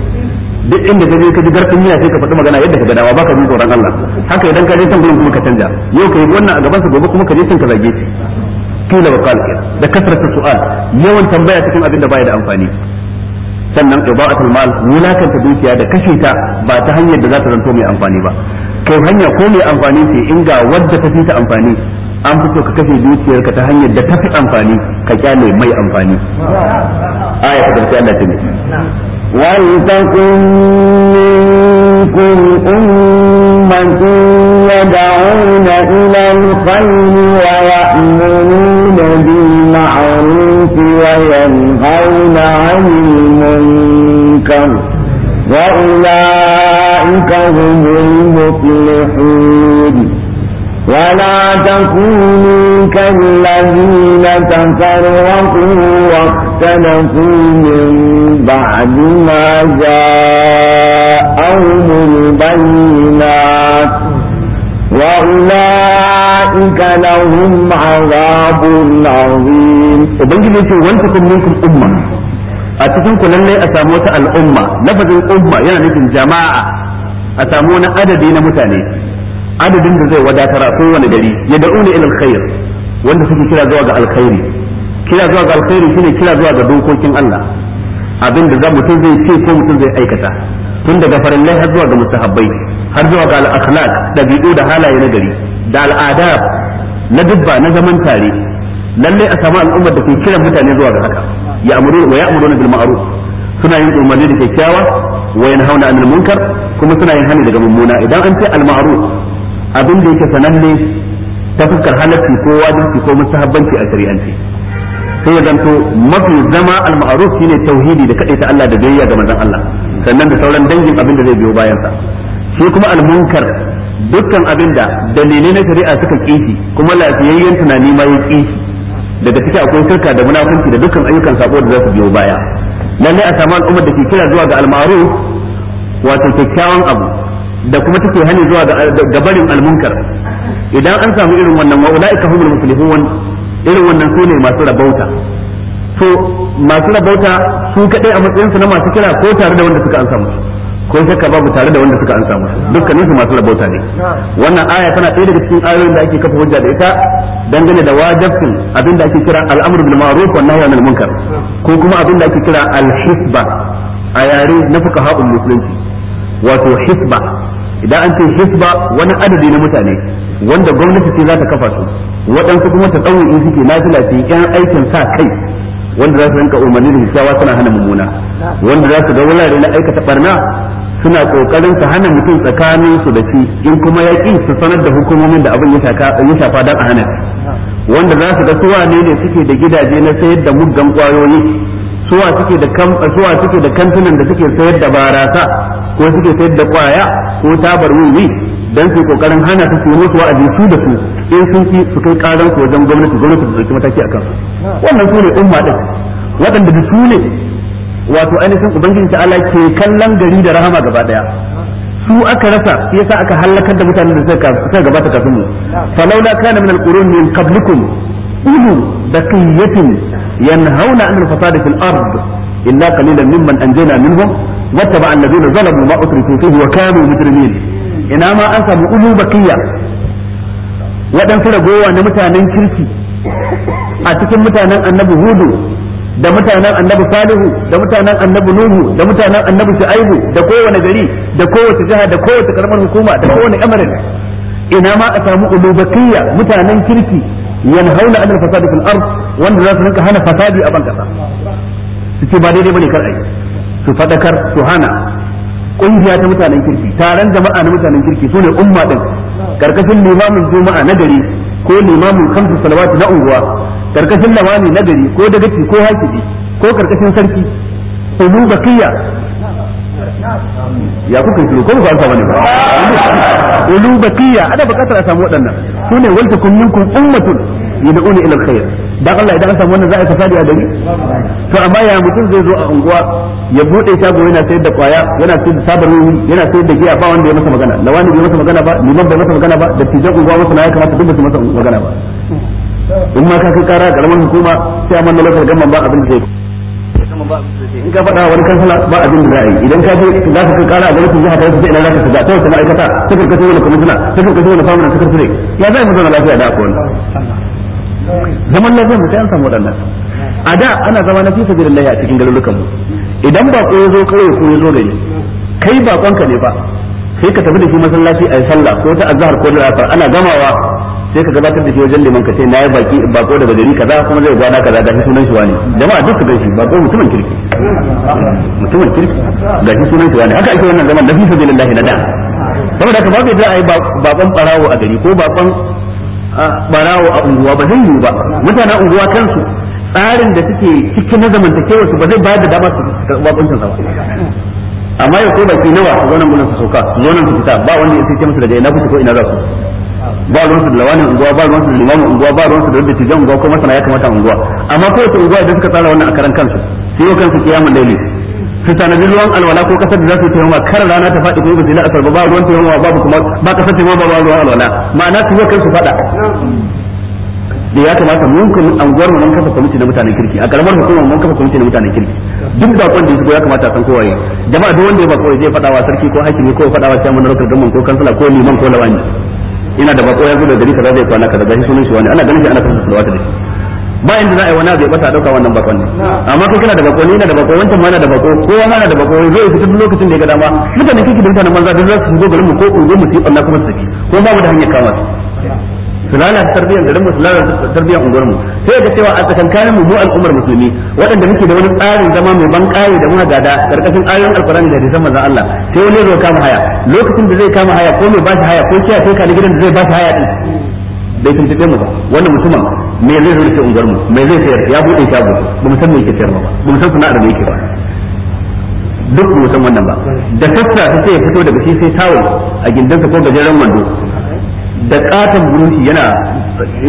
A: duk inda ka je ka ji garfin miya sai ka faɗi magana yadda ka ga dawa baka jin tsoron Allah haka idan ka je san gurin kuma ka canja yau ka yi wannan a gaban sa gobe kuma ka je san ka zage shi kila wa qala da ta su'al yawan tambaya cikin abin da baya da amfani sannan a mal wulakanta dukiya da kashe ta ba ta hanyar da za ta zanto mai amfani ba kai hanya ko mai amfani ce in ga wadda ta fi ta amfani an fi ka kashe dukiyar ka ta hanyar da ta fi amfani ka kyale mai amfani
B: aya ta karshe Allah
A: ta ne wal taqum
B: minkum yad'una ila al-khayr wa ya'muruna bil ma'ruf wa yanhauna 'anil وأولئك هم المفلحون ولا تكونوا كالذين تفرقوا واختلفوا من بعد ما جاءهم البينات وأولئك لهم عذاب عظيم
A: وبنجد يقول وانتكم منكم أمة a cikin ku lallai a samu wata al'umma lafazin umma yana nufin jama'a a samu wani adadi na mutane adadin da zai wadatar a kowane gari ya da'una ila alkhair wanda suke kira zuwa ga alkhairi kira zuwa ga alkhairi shine kira zuwa ga dokokin Allah abin da za mutum zai ce ko mutum zai aikata tun daga farillai har zuwa ga mustahabbai har zuwa ga al ɗabi'u, dabi'u da halaye na gari da al'ada na dubba na zaman tare lalle a samu al'ummar da ke kiran mutane zuwa ga haka ya amuru wa ya'muruna bil ma'ruf suna yin umarni da kyakkyawa wa yanhauna 'anil munkar kuma suna yin hani daga mummuna idan an ce al ma'ruf abin da yake sananne ta fuskar halatti ko wajibi ko mustahabbanci a shari'ance sai ya zanto mafi zama al-ma'ruf shine tauhidi da kadaita Allah da biyayya ga manzon Allah sannan da sauran dangin abin da zai biyo bayan sa shi kuma al-munkar dukkan abin da dalilai na shari'a suka kishi kuma lafiyayyen tunani ma ya kishi daga ciki akwai shirka da munafunci da dukkan ayyukan sako da za su biyo baya lallai a samu al'ummar da ke kira zuwa ga almaru wato kyakkyawan abu da kuma take hani zuwa ga barin almunkar idan an samu irin wannan wa ulaika humul muflihun irin wannan sune masu rabauta to masu rabauta su kadai a su na masu kira ko tare da wanda suka an samu ko shakka babu tare da wanda suka ansa musu dukkanin su masu rabauta ne wannan aya tana ɗaya daga cikin ayoyin da ake kafa hujja da ita dangane da wajibin abin da ake kira al'amru bil ma'ruf wa nahyi anil munkar ko kuma abin da ake kira al-hisba a yare na fuqaha'ul musulunci wato hisba idan an ce hisba wani adadi na mutane wanda gwamnati ce za ta kafa su waɗansu kuma ta tsawon in suke nafila ce yan aikin sa kai wanda za su rinka umarni da kyakkyawa suna hana mummuna wanda za su ga wurare na aikata barna suna kokarin su hana mutum tsakanin su da shi in kuma ya ƙi su sanar da hukumomin da abin ya shafa don a hana wanda za su ga suwa ne ne suke da gidaje na sayar da muggan kwayoyi suwa suke da suwa suke da kantunan da suke sayar da barasa ko suke sayar da kwaya ko tabar wuri dan su kokarin hana su su mutuwa a su da su in sun ci su kai karan su wajen gwamnati gwamnati da dauki mataki akan wannan su ne umma din waɗanda da su ne wato ainihin ubangiji ta'ala ke kallon gari da rahama gaba daya su aka rasa shi yasa aka halakar da mutanen da suka gabata kafin mu falaula kana min alqurun min qablikum ulu baqiyatin yanhauna anil fasadi fil ard illa qalilan mimman anjayna minhum wattaba alladhina zalamu ma utrifu fihi wa kanu mujrimin ina ma an samu ulu bakiyya. waɗansu ragowa na mutanen kirki a cikin mutanen annabi hudu da mutanen annabi salihu da mutanen annabi nuhu da mutanen annabi shu'aibu da kowane gari da kowace jiha da kowace karamar hukuma da kowane amarin ina ma a samu ulubakiyya mutanen kirki yanhauna anil fasadi fil ard wanda za su rinka hana fasadi a ban su ce ba daidai bane kar ai su fadakar su hana kungiya ta mutanen kirki taron jama'a na mutanen kirki su ne umma din karkashin limamin juma'a na gari ko limamin kamsu salawatu na unguwa karkashin lamani na gari ko dagaci ko hakiki, ko karkashin sarki ulu bakiya ya kuka yi ko ba samu ne ba ulu bakiya ana bukatar a samu wadannan sune walta takum minkum ummatun yad'una ila alkhair dan Allah idan an samu wannan za a fasadi a dare to amma ya mutum zai zo a unguwa ya bude shago yana sayar da kwaya yana sayar da sabar ruhi yana sayar da giya ba wanda ya masa magana lawani bai masa magana ba liman bai masa magana ba da tijan unguwa masa na ya kamata duk ba su masa magana ba in ma ka kai kara a karamar hukuma sai a manna lokacin gaman ba abin da zai in ka faɗa wani kansala ba abin da za a yi idan ka je za ka kai kara a gwamnatin jiha ta wasu ina za ka shiga ta wasu ma'aikata ta karkashin wani kwamishina ta karkashin wani famunan ta karkashin ya zai a yi na lafiya da aka wani zaman lafiya mu sai an samu waɗannan a da ana zama na fi sabilillahi a cikin garurukan mu idan ba ko zo kawai ko ya yazo gari kai ba kwanka ne ba sai ka tafi da shi masallaci a sallah ko ta azhar ko da asar ana gamawa sai ka gabatar da shi wajen liman ka ce na yi baki bako daga bajari kaza kuma zai gwana kaza gashi sunan shi wani jama'a duk da shi bako mutumin kirki mutumin kirki gashi sunan shi wani haka ake wannan zaman da fi lillahi na da saboda ka babu da ai bakon barawo a gari ko bakon barawo a unguwa ba zai yi ba mutanen unguwa kansu tsarin da suke cikin na zamantakewa su ba zai bayar da dama su bakuncin sa ba amma ya ko baki nawa su zonan gudun su sauka su zonan su fita ba wanda ya sai musu daga ina kusa ko ina za su. ba ruwan su da lawanin unguwa ba ruwan su da limamin unguwa ba ruwan su da wanda tijan unguwa ko masana ya kamata unguwa amma ko wata unguwa idan suka tsara wannan a karan kansu sai yau kansu kiyamun laili su tanadi ruwan alwala ko kasar da za su yi taimama kar rana ta faɗi ko ba su yi la'asar ba ba ruwan taimama ba kuma ba kasar taimama ba ruwan alwala ma'ana su yau kansu faɗa da ya kamata mun an anguwar mun kafa kwamiti na mutanen kirki a karamar hukumar mun kafa kwamiti na mutanen kirki duk da kwan da yake ya kamata a san kowa jama'a duk wanda ya kowa zai fada wa sarki ko hakimi ko fada wa chairman na gaman ko kansala ko liman ko lawani ina da bako ya zo da gari kaza zai kwana kaza gashi sunan shi wani ana ganin shi ana kafa salawata da shi ba inda za a yi wani zai bata dauka wannan bakon ne amma kai kana da bako ne na da bako wancan ma na da bako ko ma na da bako zai fita duk lokacin da ya ga dama mutanen kirki da mutanen banza duk za su zo garin mu ko ungo mu su yi kuma su tafi ko mu da hanyar kama su sulala lalata tarbiyyar garin mu su lalata tarbiyyar unguwar mu sai ga cewa a tsakankanin mu mu al'ummar musulmi waɗanda muke da wani tsarin zama mai ban ƙari da muna gada karkashin ayoyin alkurani da hadisan manzon Allah sai wani zo kama haya lokacin da zai kama haya ko mai ba shi haya ko kiyaye kai kali gidan da zai ba shi haya din bai tuntuɓe mu ba wannan mutumin me zai zo da unguwar mu me zai sayar ya bude shago ba mu san me yake sayar ba ba mu san sana'ar da yake ba duk mu san wannan ba da tsatsa ta sai ya fito daga shi sai tawo a gindinsa ko gajeren wando da katon burushi yana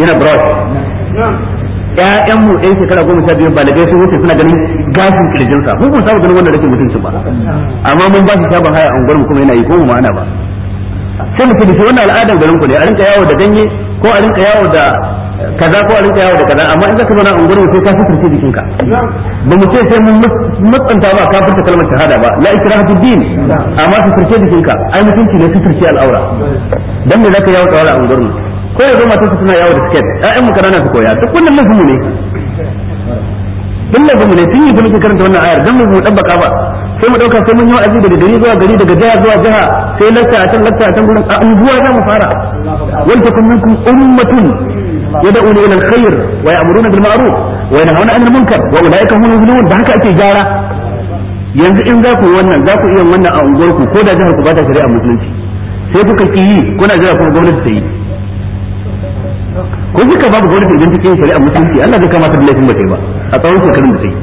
A: yana brush ƴaƴan mu ɗan shekara goma sha ba da sun wuce suna ganin gashin kirjinsa mun kun samu ganin wanda rashin mutunci ba amma mun ba shi sabon haya unguwar mu kuma yana yi ko mu ma'ana ba sai mu shi wannan al'adan garin ku ne a rinka yawo da ganye ko a rinka yawo da kaza ko a rinka yawo da kaza amma in zaka zauna a gurin sai ka fitarce jikin ka
C: ba
A: mu ce sai mun matsanta ba ka furta kalmar shahada ba la ikraha fid din amma fitarce jikin ka ai mutunci ne fitarce al'aura dan me zaka yawo tsawara a gurin ko yanzu su suna yawo da sket ƴaƴan mu kanana su koya duk wannan mun mu ne dan lafi mu ne sun yi kuma karanta wannan ayar dan mu dabbaka ba sai mu dauka sai mun yi wa'azi daga gari zuwa gari daga jiha zuwa jiha sai lakka a can lakka a can gurin a unguwa za mu fara wanda kun minkum ummatun يدعون الى الخير ويامرون بالمعروف وينهون عن المنكر واولئك هم munkar wa اكي جارا al-muflihun da yanzu in za ku wannan za ku iya wannan a unguwarku ko da jihar ku ba ta shari'a musulunci sai kuka ki yi kuna jira kuma gwamnati ta yi ko kika babu gwamnati idan take yin shari'a musulunci Allah zai kamata da laifin ba ta yi ba a tsawon shekarun da ta yi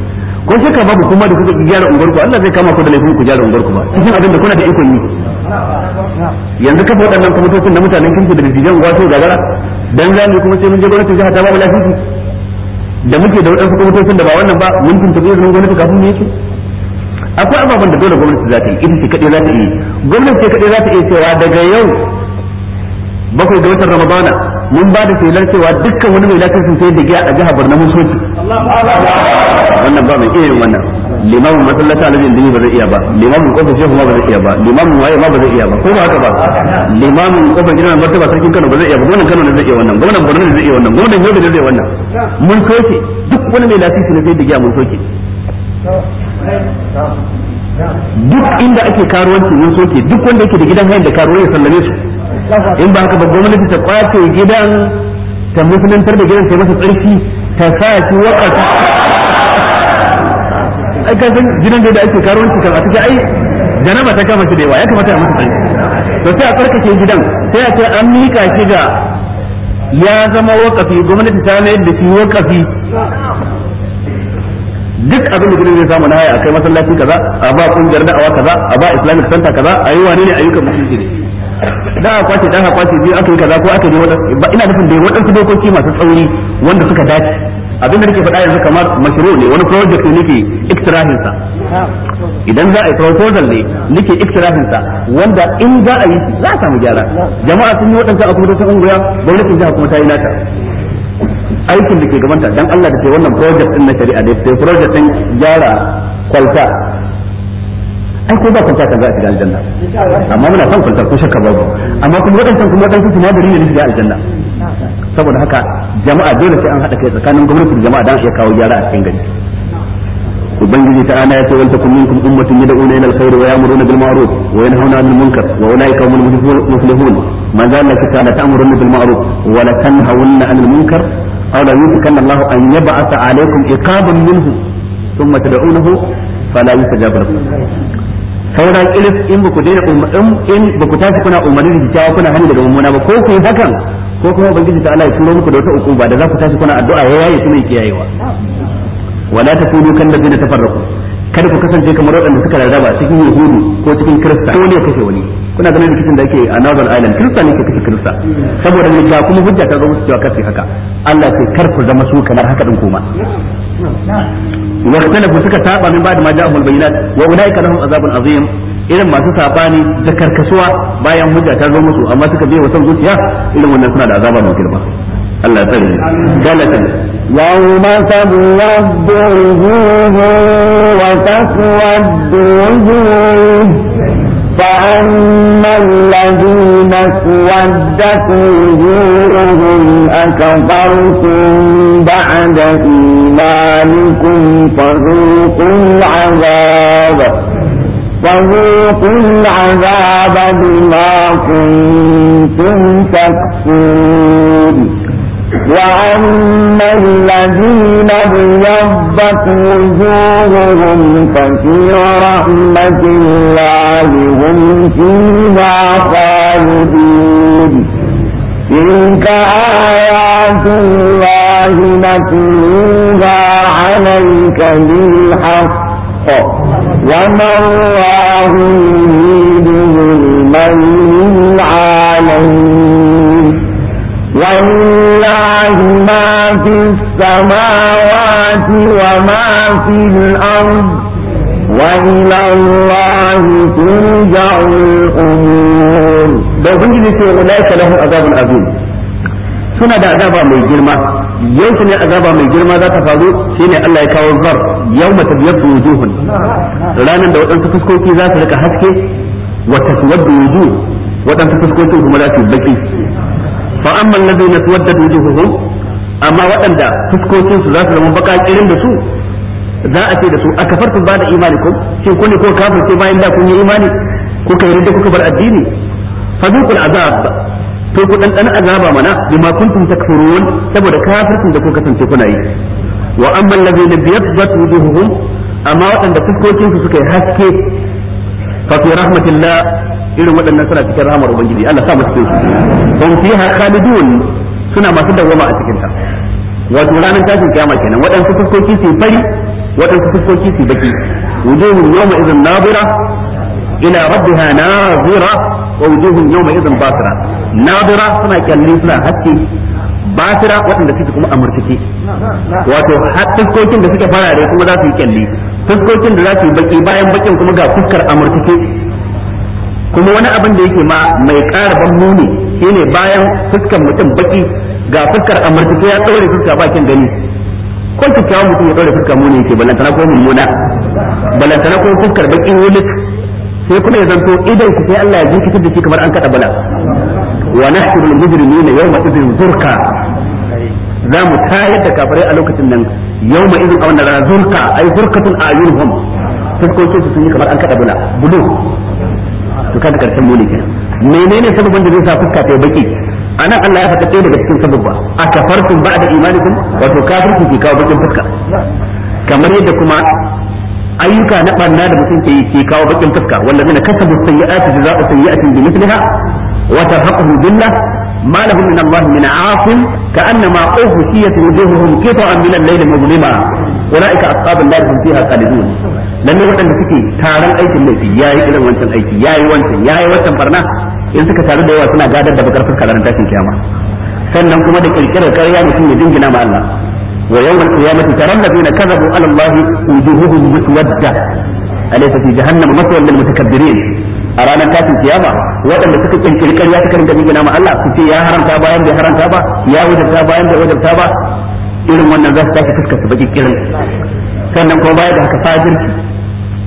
A: ko ka babu kuma da kuka gyara unguwar ku Allah zai kama ku da laifin ku gyara unguwar ku ba cikin abin da kuna da iko
C: yi
A: yanzu kuma to kun da mutanen kinki da dattijan unguwa su gagara dan zamu kuma sai mun je gwamnati jiha ta babu laifin da muke da waɗansu kwamitocin da ba wannan ba mun tuntuɓe zuwa gwamnati kafin ne yake akwai ababen da dole gwamnati za ta yi ita ce kaɗai za ta yi gwamnati ce kaɗai za ta iya cewa daga yau bakwai ga watan ramadana mun ba da shelar cewa dukkan wani mai lafiyar sai da giya a jihar borno
C: mun
A: wannan ba mai iya yin wannan limamin masallaci lajin dini ba zai iya ba limamin kofar shehu ma ba zai iya ba limamin waye ma ba zai iya ba ko ba haka ba mun kofar gidan martaba sarkin Kano ba zai iya ba gwamnan Kano ne zai iya wannan gwamnan Borno ne zai iya wannan gwamnan Yobe ne zai wannan mun soke duk wani mai lafiya ne zai digiya mun soke duk inda ake karuwanci mun soke duk wanda yake da gidan hayan da karuwa ya sallame su in ba haka ba gwamnati ta kwace gidan ta musulantar da gidan ta masa tsarki ta sa shi wakar ai ka san gidan da ake karuwanci a cikin ai janaba ta kama shi da yawa ya kamata ya mutu sai to sai a tsarkake gidan sai a ce an mika shi ga ya zama wakafi gwamnati ta mayar da shi wakafi duk abin da gidan zai samu na haya akai masallaci kaza a ba kungiyar da'awa kaza a ba islamic center kaza a yi wane ne ayyukan musulunci ne da a kwace dan a kwace biyu aka yi kaza ko aka yi wadansu ina nufin dai wadansu dokoki masu tsauri wanda suka dace abin da nake faɗa yanzu kamar mashiro ne wani project ne nake iktirahin sa idan za a yi proposal ne nake iktirahin sa wanda in za a yi za a samu gyara jama'a sun yi wadansu a kuma sun unguya gwamnatin jiha kuma ta yi nata aikin da ke gabanta dan Allah da ke wannan project din na shari'a da sai project din gyara kwalta ai ko ba kwanta kan za a shiga aljanna amma muna son kwanta ko shakka babu amma kuma wadannan kuma wadannan sinadari ne na shiga aljanna saboda haka jama'a dole sai an hada kai tsakanin gwamnati da jama'a dan iya kawo gyara a cikin gari ubangiji ta ana yace wal kun minkum da yad'una ila alkhair wa ya'muruna bil ma'ruf wa yanhauna 'anil munkar wa ulaika humul muflihun man zalla kata la ta'muruna bil ma'ruf wa la tanhauna 'anil munkar aw la yuskanna Allahu an yab'atha 'alaykum iqaban minhu thumma tad'unahu fala yustajabu lakum sauran kiris in ba ku daina um, in ba ku tashi kuna umarni da kyakkyawa kuna hani daga mummuna ba ko ku yi hakan ko kuma ubangiji ta Allah ya turo muku da wata uku ba da za ku tashi kuna addu'a ya yaye kuma ya kiyayewa wala kunu kan da ladina ta kada ku kasance kamar waɗanda suka rarraba cikin yahudu ko cikin kirista ko ne ya wani kuna ganin rikicin da yake a northern island kirista ne ke kashe kirista saboda ne ga kuma hujja ta zo musu cewa kace haka Allah sai kar ku zama su kamar haka din kuma واختلفوا سكا سابا من بعد ما جاءهم البينات واولئك لهم عذاب عظيم irin masu sabani da karkasuwa bayan hujja ta zo musu amma suka biya wa son zuciya irin wannan suna da azaba mai girma Allah ya tsare galatan yawma tabyaddu
B: wujuhun wa taswaddu wujuhun فأما الذين سودت وجوههم أكفرتم بعد إيمانكم فذوقوا العذاب فذوقوا العذاب بما كنتم تكفرون وأما الذين ابيضت وجوههم ففي رحمة الله هم فيها خالدون تلك آيات الله نتلوها عليك بالحق وما الله يريد ظلما للعالمين ولله ما في السماوات وما في الأرض وإلى الله ترجع
A: الأمور da ubangiji ce wa laika lahu azabun suna da azaba mai girma yanzu ne azaba mai girma za ta faru shine Allah ya kawo zar yau mata yawma tabyaddu wujuhun ranar da waɗansu fuskoki za su rika haske wata wa taswaddu wujuh waɗansu fuskoki kuma za su baki fa amma alladhina tawaddat wujuhuhum amma waɗanda fuskokin su za su zama baka kirin da su za a ce da su akafartum ba da imanikum shin kun ne ko kafirce bayan da kun yi imani kuka yi da kuka bar addini fa zuqul azab to ku dan dan azaba mana bima kuntum takfurun saboda kafircin da kuka kasance kuna yi wa amma alladhina biyaddat wujuhuhum amma waɗanda fuskokin su suka yi haske fa fi rahmatillah irin waɗannan suna cikin rahmar ubangiji Allah sa mu cikin suna masu dawama a cikin ta wato ranar tashin kiyama kenan waɗansu fuskoki su bari waɗansu fuskoki su baki wujuhun yawma nabira ila rabbiha nazira wa wujuhun yawma idan basira suna kyalli suna haske basira waɗanda suke kuma amurtake wato fuskokin da suke farare kuma za yi kyalli fuskokin da za su yi baki bayan bakin kuma ga fuskar amurtike kuma wani abin da yake ma mai ƙara ban muni shine bayan fuskar mutum baki ga fuskar amurtike ya ɗaure fuska bakin gani ko kyakkyawan mutum ya ɗaure fuska muni yake balantana ko mummuna balantana ko fuskar baki wulik sai kuma ya zanto idan ku sai Allah ya jikitar da shi kamar an kada bala wa na mujrimina yawma izin zurka. za mu tayar da kafirai a lokacin nan yau ma izin a wannan rana zurka yi zurkatun ayunhum fuskokin su sun yi kamar an kada bula bulu su kada karshen mole kenan menene sababin da zai sa fuska ta baki nan Allah ya faɗa daga cikin sababba a kafartum da imanikun? wato kafirku ke kawo bakin fuska kamar yadda kuma ayyuka na barna da mutum ke ke kawo bakin fuska a kasa cikin kasabu sayyi'ati jazaa'u sayyi'atin bi mithliha wata haƙuhu billah ما لهم من الله من عاصم كأنما أغشيت وجوههم قطعا من الليل مظلما أولئك أصحاب النار هم فيها خالدون لأن وطن suke taron aikin laifi yayi irin wancan aiki yayi wancan yayi wancan barna in suka taru da yawa suna gadar da bakar fuska ranar tashin sannan kuma da kirkirar ƙarya mutum ya dingina ma Allah wa yawmal qiyamati taral ladina kadhabu ala Allah wujuhuhum muswadda alaysa fi jahannam maswal lil mutakabbirin a ranar tashin kiyama waɗanda suka kirkiri ƙarya suka rinka jingina ma Allah su ce ya haramta bayan bai haramta ba ya wajabta bayan bai wajabta ba irin wannan za su tashi fuskar su baki kirin sannan kuma baya da haka fajirci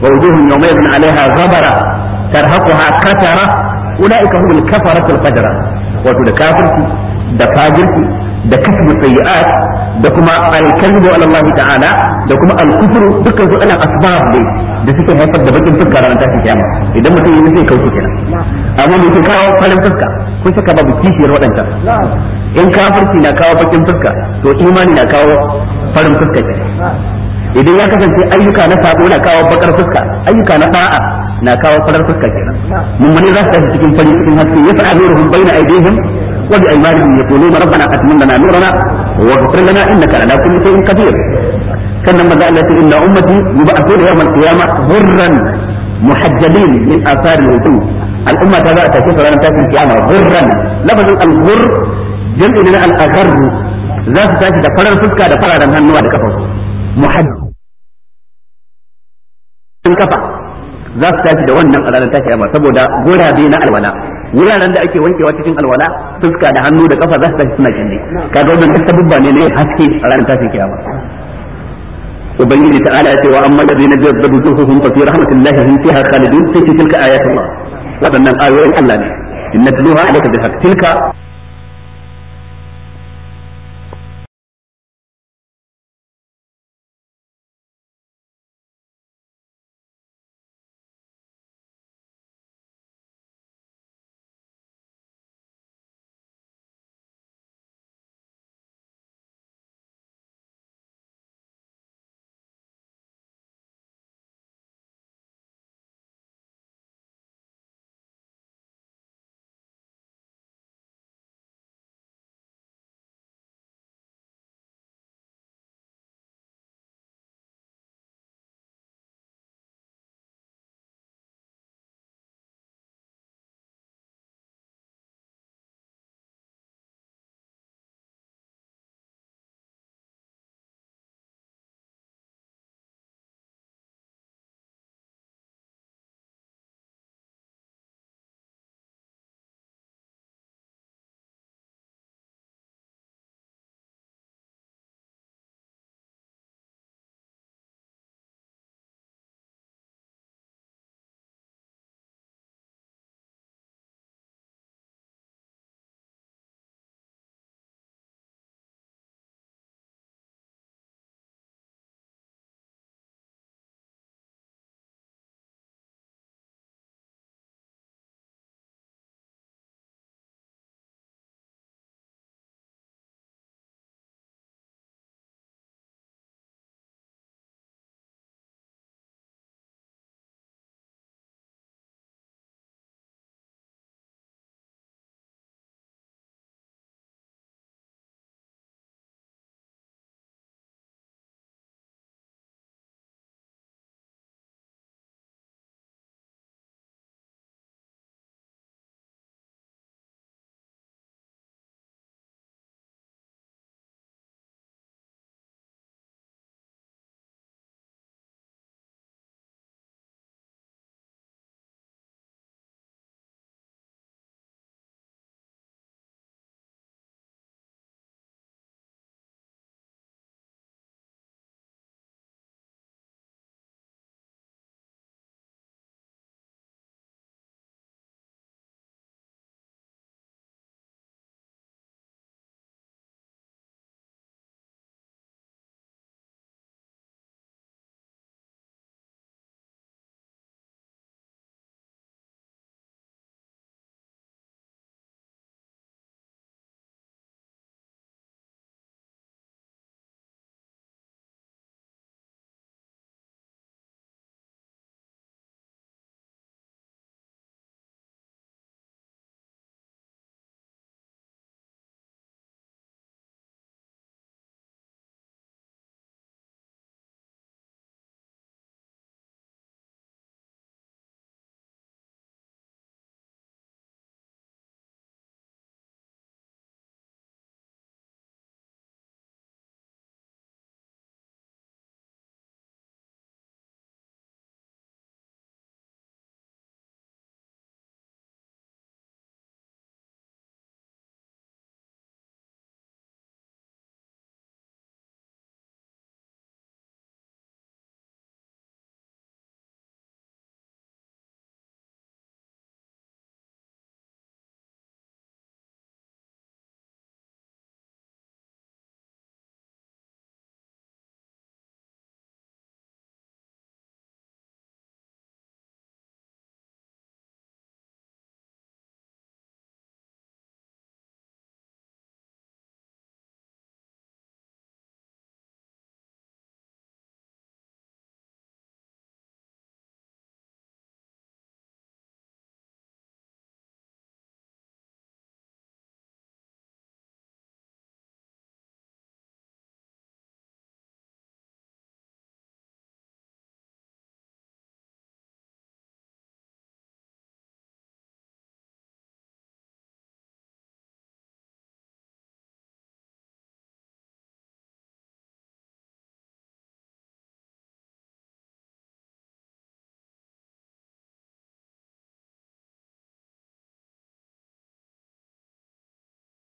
A: wa wujuhun yawmaydin alaiha zabara tarhaquha katara ulaika humul kafaratul fajara wato da kafirci da fajirci da kasbu sayyi'at da kuma alkalbu ala Allah ta'ala da kuma alkufru dukkan su ana asbab ne da suke haifar da bakin fuska ranar tashin kiyama idan mutum yi zai kauce kenan amma me ke kawo farin fuska ko saka babu kishiyar waɗancan in kafirci na kawo bakin fuska to imani na kawo farin fuska idan ya kasance ayyuka na sabo na kawo bakar fuska ayyuka na da'a na kawo farar fuska kenan mun za su tashi cikin fari cikin haske ya fa'a nuruhum baina aydihim wa bi aymanihim yaquluna rabbana atmim lana nurana واغفر لنا انك على كل شيء قدير كان لما قال ان امتي يبعثون يوم القيامه غرا محجلين من اثار الوجود الامه تبع تشوف لنا تاتي القيامه غرا لفظ الغر جمع لنا الاغر ذات تاتي ده فرار فسكا ده فرار هنوا ده كفر كفر za su tashi da wannan a ranar tashi yamma saboda gurabe na alwala wuraren da ake wankewa cikin alwala fuska da hannu da kafa za su tashi suna kyalle kaga wannan duk sabubba ne na haske a ranar tashi kiyama ubangiji ta'ala ya ce wa amma ladina jazzabu zuhuhum fa fi rahmatillahi hum fiha khalidun sai tilka ayatullah wadannan ayoyin Allah ne inna tuluha alaka bil tilka